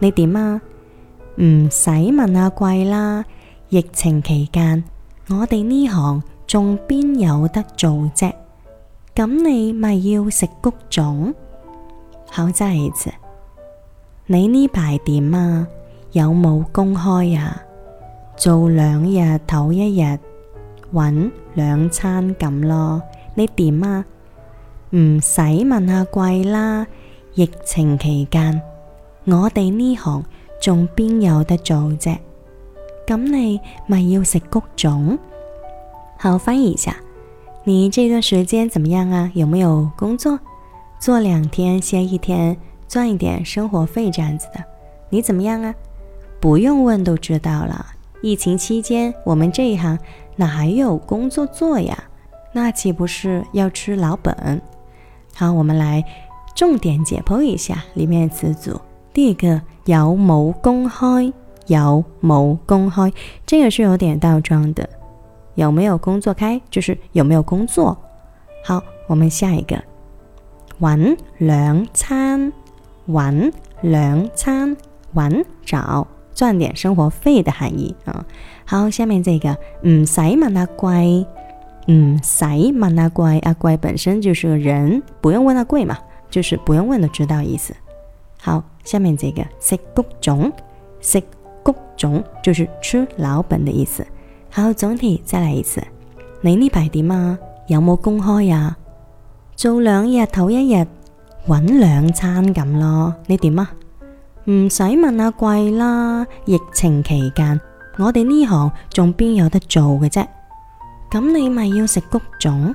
你點啊？唔使問阿貴啦，疫情期間，我哋呢行仲邊有得做啫？咁你咪要食谷種？好仔啫！你呢排點啊？有冇工開啊？做兩日唞一日，搵兩餐咁咯。你點啊？唔使問阿貴啦，疫情期間。我哋呢行仲邊有得做啫？咁你咪要食穀種？好，翻譯一下，你這段時間怎麼樣啊？有沒有工作？做兩天，歇一天，賺一點生活費，這樣子的。你怎麼樣啊？不用問都知道啦。疫情期間，我們這一行哪還有工作做呀？那豈不是要吃老本？好，我們來重點解剖一下裏面詞組。第一個有冇工開，有冇工開，這個是有點倒裝的，有沒有工作開就是有沒有工作。好，我們下一個，揾兩餐，揾兩餐，揾找賺點生活費的含義啊、嗯。好，下面這個唔使問阿貴，唔使問阿貴，阿貴、嗯啊、本身就是個人，不用問阿貴嘛，就是不用問都知道意思。好，下面這個食穀種，食穀種就是吃老本的意思。好，總體再來一次。你呢排點啊？有冇工開啊？做兩日唞一日搵兩餐咁咯。你點啊？唔使問阿貴啦。疫情期間，我哋呢行仲邊有得做嘅啫。咁你咪要食穀種？